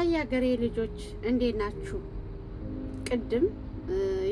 አያገሬ ልጆች እንዴት ናችሁ? ቅድም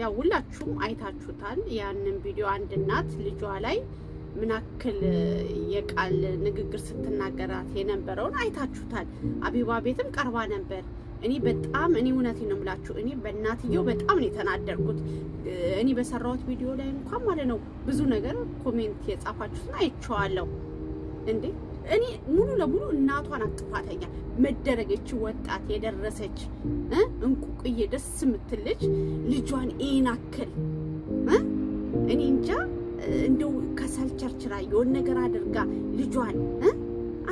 ያው ሁላችሁም አይታችሁታል ያንን ቪዲዮ። አንድ እናት ልጇ ላይ ምናክል የቃል ንግግር ስትናገራት የነበረውን አይታችሁታል። አቢባ ቤትም ቀርባ ነበር። እኔ በጣም እኔ እውነቴ ነው የምላችሁ፣ እኔ በእናትየው በጣም ነው የተናደርኩት። እኔ በሰራሁት ቪዲዮ ላይ እንኳን ማለት ነው ብዙ ነገር ኮሜንት የጻፋችሁትን አይቼዋለሁ እንዴ እኔ ሙሉ ለሙሉ እናቷን አቅፋተኛ መደረገች ወጣት የደረሰች እንቁቅዬ ደስ የምትልጅ ልጇን ኤናክል እኔ እንጃ እንደው ከሰል ቸርችራ ነገር አድርጋ ልጇን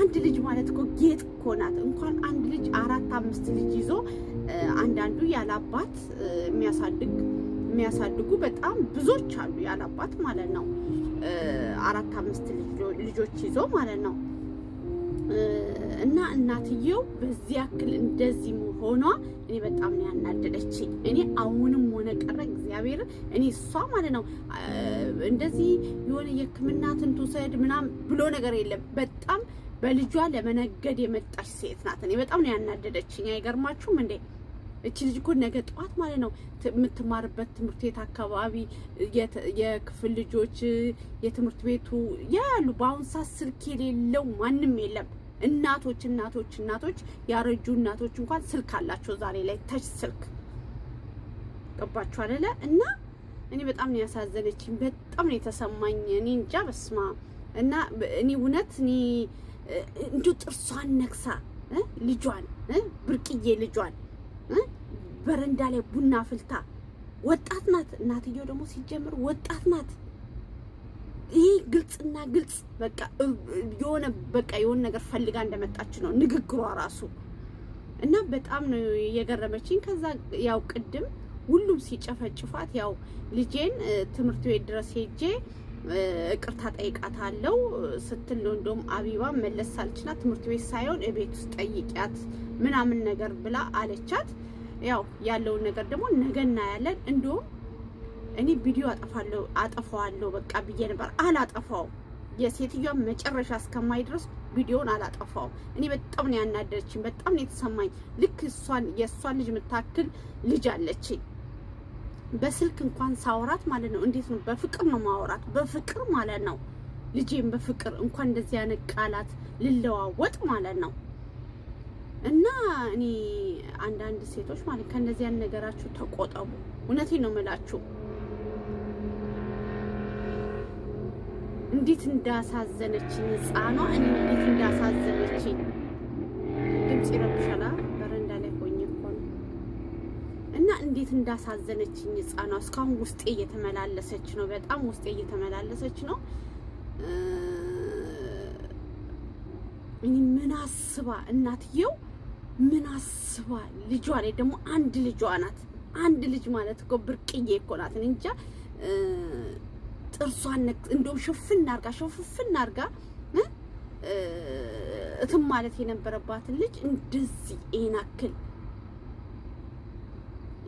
አንድ ልጅ ማለት እኮ ጌጥ እኮ ናት። እንኳን አንድ ልጅ አራት አምስት ልጅ ይዞ አንዳንዱ ያላባት የሚያሳድግ የሚያሳድጉ በጣም ብዙዎች አሉ፣ ያላባት ማለት ነው። አራት አምስት ልጆች ይዞ ማለት ነው። እና እናትየው በዚህ ያክል እንደዚህ ሆኗ እኔ በጣም ነው ያናደደች። እኔ አሁንም ሆነ ቀረ እግዚአብሔር እኔ እሷ ማለት ነው እንደዚህ የሆነ የሕክምና እንትን ምናምን ብሎ ነገር የለም። በጣም በልጇ ለመነገድ የመጣች ሴት ናት። እኔ በጣም ነው ያናደደችኝ። አይገርማችሁም እንዴ? እቺ ልጅ እኮ ነገ ጠዋት ማለት ነው የምትማርበት ትምህርት ቤት አካባቢ የክፍል ልጆች የትምህርት ቤቱ ያሉ በአሁን ሰዓት ስልክ የሌለው ማንም የለም። እናቶች እናቶች እናቶች ያረጁ እናቶች እንኳን ስልክ አላቸው ዛሬ ላይ ተች ስልክ ገባችሁ አይደለ? እና እኔ በጣም ነው ያሳዘነችኝ፣ በጣም ነው የተሰማኝ። እኔ እንጃ በስማ እና እኔ እውነት እኔ ጥርሷን ነክሳ ልጇን ብርቅዬ ልጇን በረንዳ ላይ ቡና ፍልታ ወጣት ናት። እናትየው ደግሞ ሲጀምር ወጣት ናት። ይህ ግልጽና ግልጽ በቃ የሆነ በቃ የሆነ ነገር ፈልጋ እንደመጣች ነው ንግግሯ ራሱ እና በጣም ነው የገረመችኝ። ከዛ ያው ቅድም ሁሉም ሲጨፈጭፋት ያው ልጄን ትምህርት ቤት ድረስ ሄጄ ጠይቃት አለው ስትል ነው እንደውም አቢባ መለስ ሳልችና ትምህርት ቤት ሳይሆን እቤት ውስጥ ጠይቂያት ምናምን ነገር ብላ አለቻት። ያው ያለውን ነገር ደግሞ ነገ እናያለን እንዲሁም እኔ ቪዲዮ አጠፋለሁ አጠፋዋለሁ በቃ ብዬ ነበር። አላጠፋው የሴትዮዋ መጨረሻ እስከማይ ድረስ ቪዲዮን አላጠፋው። እኔ በጣም ነው ያናደረችኝ፣ በጣም ነው የተሰማኝ። ልክ እሷን የእሷን ልጅ የምታክል ልጅ አለችኝ። በስልክ እንኳን ሳወራት ማለት ነው እንዴት ነው በፍቅር ነው ማወራት፣ በፍቅር ማለት ነው ልጄም በፍቅር እንኳን እንደዚህ አይነት ቃላት ልለዋወጥ ማለት ነው። እና እኔ አንዳንድ ሴቶች ማለት ከእንደዚህ አይነት ነገራችሁ ተቆጠቡ። እውነቴ ነው የምላችሁ። እንዴት እንዳሳዘነችኝ ህፃኗ፣ እኔ እንዴት እንዳሳዘነችኝ። ድምፅ ይረብሻላ በረንዳ ላይ ሆኜ እኮ ነው እና እንዴት እንዳሳዘነችኝ ህፃኗ። እስካሁን ውስጤ እየተመላለሰች ነው፣ በጣም ውስጤ እየተመላለሰች ነው። ምን አስባ እናትየው ምን አስባ ልጇ ላይ ደግሞ አንድ ልጇ ናት። አንድ ልጅ ማለት እኮ ብርቅዬ እኮ ናት። እንጃ ጥርሷን እንደውም ሽፍን አርጋ ሽፍን አርጋ እትም ማለት የነበረባትን ልጅ እንደዚህ ይሄን አክል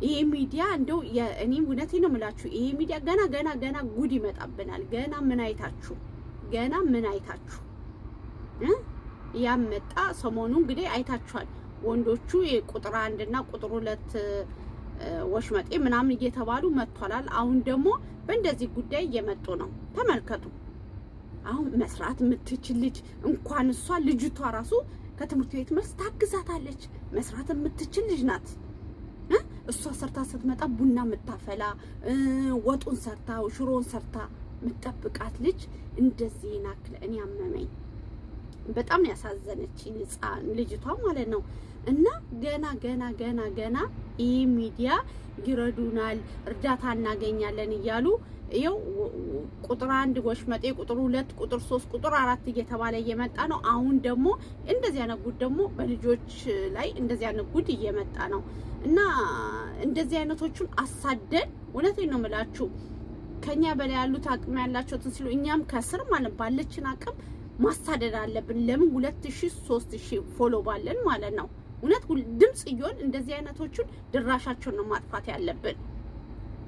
ይሄ ሚዲያ እንደው እኔም እውነቴ ነው የምላችሁ፣ ይሄ ሚዲያ ገና ገና ገና ጉድ ይመጣብናል። ገና ምን አይታችሁ ገና ምን አይታችሁ ያመጣ ሰሞኑ እንግዲህ አይታችኋል። ወንዶቹ ቁጥር አንድና ቁጥር ሁለት ወሽመጤ ምናምን እየተባሉ መጥቷላል። አሁን ደግሞ በእንደዚህ ጉዳይ እየመጡ ነው። ተመልከቱ። አሁን መስራት የምትችል ልጅ እንኳን እሷ ልጅቷ ራሱ ከትምህርት ቤት መልስ ታግዛታለች። መስራት የምትችል ልጅ ናት። እሷ ሰርታ ስትመጣ ቡና የምታፈላ ወጡን ሰርታ ሽሮን ሰርታ የምጠብቃት ልጅ እንደዚህ ናክል እኔ አመመኝ። በጣም ያሳዘነች ልጅቷ ማለት ነው። እና ገና ገና ገና ገና ይህ ሚዲያ ይረዱናል፣ እርዳታ እናገኛለን እያሉ ይኸው ቁጥር አንድ ወሽመጤ፣ ቁጥር ሁለት፣ ቁጥር ሶስት፣ ቁጥር አራት እየተባለ እየመጣ ነው። አሁን ደግሞ እንደዚህ አይነት ጉድ ደግሞ በልጆች ላይ እንደዚህ አይነት ጉድ እየመጣ ነው እና እንደዚህ አይነቶቹን አሳደን እውነቴን ነው የምላችሁ ከኛ በላይ ያሉት አቅም ያላቸውትን ሲሉ እኛም ከስር ማለት ባለችን አቅም ማሳደድ አለብን። ለምን ሁለት ሺ ሶስት ሺ ፎሎ ባለን ማለት ነው። እውነት ድምፅ እየሆን እንደዚህ አይነቶቹን ድራሻቸውን ነው ማጥፋት ያለብን።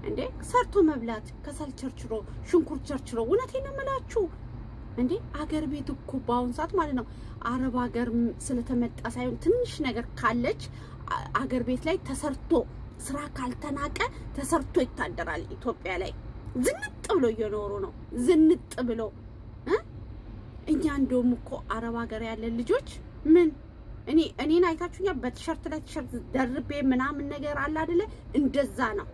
እንዴ ሰርቶ መብላት ከሰል ቸርችሮ ሽንኩርት ቸርችሮ፣ እውነቴን እምላችሁ እንዴ አገር ቤት እኮ በአሁን ሰዓት ማለት ነው አረብ ሀገር ስለተመጣ ሳይሆን ትንሽ ነገር ካለች አገር ቤት ላይ ተሰርቶ ስራ ካልተናቀ ተሰርቶ ይታደራል። ኢትዮጵያ ላይ ዝንጥ ብሎ እየኖሩ ነው። ዝንጥ ብሎ እኛ እንደውም እኮ አረብ ሀገር ያለን ልጆች ምን እኔ እኔን አይታችሁኛል በቲሸርት ላይ ቲሸርት ደርቤ ምናምን ነገር አለ አይደለ? እንደዛ ነው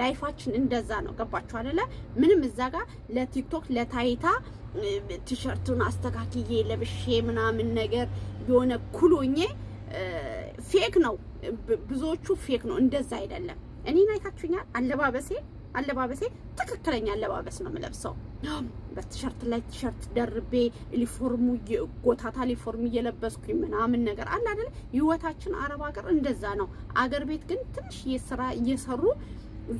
ላይፋችን፣ እንደዛ ነው ገባችሁ አይደለ? ምንም እዛ ጋር ለቲክቶክ ለታይታ ቲሸርቱን አስተካክዬ ለብሼ ምናምን ነገር የሆነ ኩሎኜ ፌክ ነው ብዙዎቹ ፌክ ነው። እንደዛ አይደለም። እኔን አይታችሁኛል አለባበሴ አለባበሴ ትክክለኛ አለባበስ ነው የምለብሰው። በቲሸርት ላይ ቲሸርት ደርቤ ሊፎርሙ ጎታታ ዩኒፎርም እየለበስኩኝ ምናምን ነገር አለ አይደል? ህይወታችን አረብ ሀገር እንደዛ ነው። አገር ቤት ግን ትንሽ ስራ እየሰሩ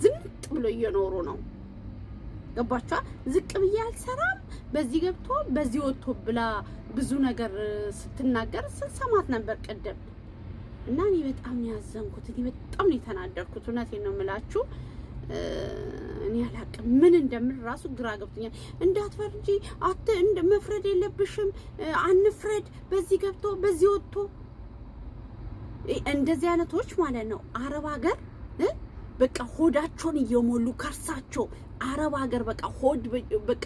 ዝንጥ ብሎ እየኖሩ ነው። ገባችኋ? ዝቅ ብዬ አልሰራም፣ በዚህ ገብቶ በዚህ ወጥቶ ብላ ብዙ ነገር ስትናገር ስሰማት ነበር ቅድም እና እኔ በጣም ያዘንኩት፣ እኔ በጣም ነው የተናደርኩት። እውነቴን ነው የምላችሁ። እኔ አላቅም ምን እንደምን ራሱ ግራ ገብቶኛል። እንዳትፈርጂ እንደ መፍረድ የለብሽም አንፍረድ፣ በዚህ ገብቶ በዚህ ወጥቶ እንደዚህ አይነቶች ማለት ነው አረብ ሀገር በቃ ሆዳቸውን እየሞሉ ከርሳቸው አረብ ሀገር በቃ ሆድ በቃ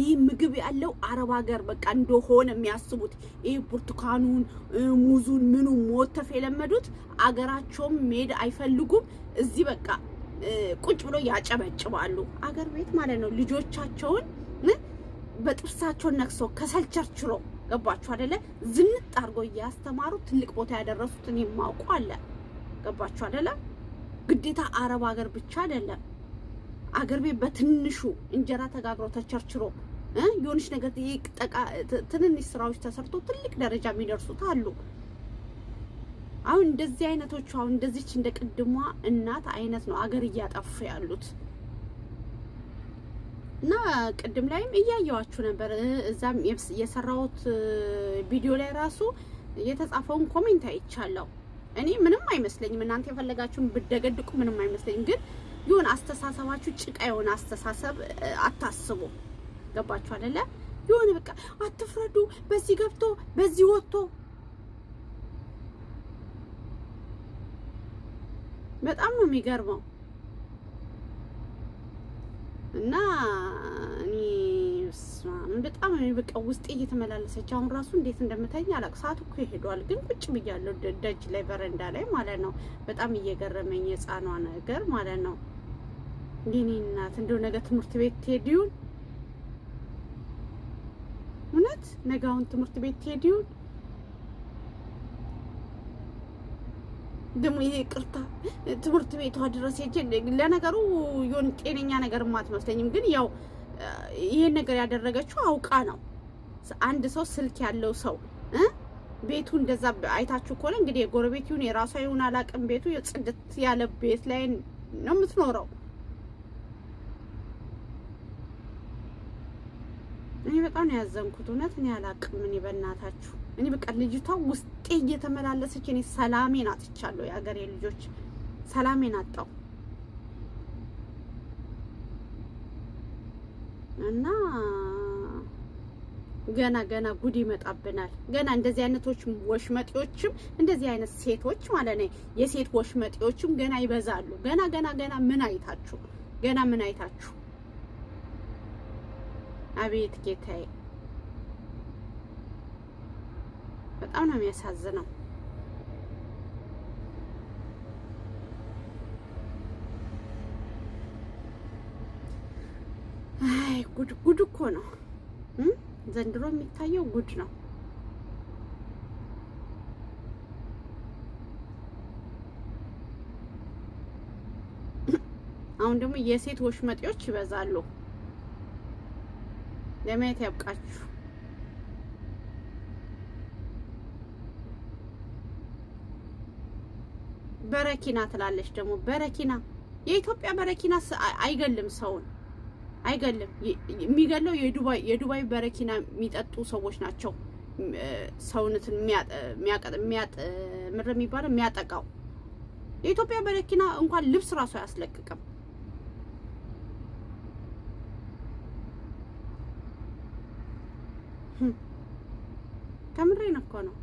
ይህ ምግብ ያለው አረብ ሀገር በቃ እንደሆነ የሚያስቡት ይህ ብርቱካኑን፣ ሙዙን፣ ምኑ ሞተፍ የለመዱት አገራቸውም መሄድ አይፈልጉም። እዚህ በቃ ቁጭ ብሎ ያጨበጭባሉ። አገር ቤት ማለት ነው። ልጆቻቸውን በጥርሳቸውን ነክሰው ከሰልቸርችሮ ገባችሁ አደለ? ዝንጥ አድርጎ እያስተማሩ ትልቅ ቦታ ያደረሱትን እኔ አለ። ገባችሁ አደለ ግዴታ አረብ ሀገር ብቻ አይደለም። አገር ቤት በትንሹ እንጀራ ተጋግሮ ተቸርችሮ የሆነች ነገር ትንንሽ ስራዎች ተሰርቶ ትልቅ ደረጃ የሚደርሱት አሉ። አሁን እንደዚህ አይነቶቹ አሁን እንደዚች እንደ ቅድሟ እናት አይነት ነው አገር እያጠፉ ያሉት። እና ቅድም ላይም እያየዋችሁ ነበር፣ እዛም የሰራሁት ቪዲዮ ላይ ራሱ የተጻፈውን ኮሜንት አይቻለሁ። እኔ ምንም አይመስለኝም፣ እናንተ የፈለጋችሁን ብደገድቁ ምንም አይመስለኝም። ግን ይሁን አስተሳሰባችሁ ጭቃ የሆነ አስተሳሰብ አታስቡ። ገባችሁ አይደለ? ይሁን በቃ አትፍረዱ። በዚህ ገብቶ በዚህ ወጥቶ በጣም ነው የሚገርመው። እና እኔ በጣም የሚበቃው ውስጤ እየተመላለሰች አሁን ራሱ እንዴት እንደምተኛ አላቅ። ሰዓት እኮ ይሄዷል፣ ግን ቁጭ ብያለሁ ደጅ ላይ በረንዳ ላይ ማለት ነው። በጣም እየገረመኝ የሕፃኗ ነገር ማለት ነው። የእኔ እናት እንደው ነገ ትምህርት ቤት ትሄድ ይሆን እውነት? ነገ አሁን ትምህርት ቤት ትሄድ ይሆን? ደግሞ ቅርታ ትምህርት ቤቷ ድረስ ሄጄ ለነገሩ የሆነ ጤነኛ ነገር አትመስለኝም። ግን ያው ይሄን ነገር ያደረገችው አውቃ ነው። አንድ ሰው ስልክ ያለው ሰው ቤቱ እንደዛ አይታችሁ ከሆነ እንግዲህ የጎረቤት ይሁን የራሷ ይሁን አላቅም፣ ቤቱ ጽድት ያለ ቤት ላይ ነው የምትኖረው። በጣም ነው ያዘንኩት። እውነት እኔ አላቅም። እኔ በእናታችሁ እኔ በቃ ልጅቷ ውስጤ እየተመላለሰች እኔ ሰላሜን አጥቻለሁ። የአገሬ ልጆች ሰላሜን አጣው እና ገና ገና ጉድ ይመጣብናል። ገና እንደዚህ አይነቶች ወሽመጤዎችም እንደዚህ አይነት ሴቶች ማለት ነው የሴት ወሽመጤዎችም ገና ይበዛሉ። ገና ገና ገና ምን አይታችሁ ገና ምን አይታችሁ አቤት ጌታዬ፣ በጣም ነው የሚያሳዝነው። አይ ጉድ ጉድ እኮ ነው ዘንድሮ የሚታየው ጉድ ነው። አሁን ደግሞ የሴት ወሽመጤዎች ይበዛሉ። ለማየት ያብቃችሁ። በረኪና ትላለች ደግሞ በረኪና የኢትዮጵያ በረኪና አይገልም፣ ሰውን አይገልም። የሚገለው የዱባይ የዱባይ በረኪና የሚጠጡ ሰዎች ናቸው። ሰውነትን የሚያቀጥ የሚያጥ የሚባለው የሚያጠቃው የኢትዮጵያ በረኪና እንኳን ልብስ ራሱ አያስለቅቅም። ከምሬን እኮ ነው።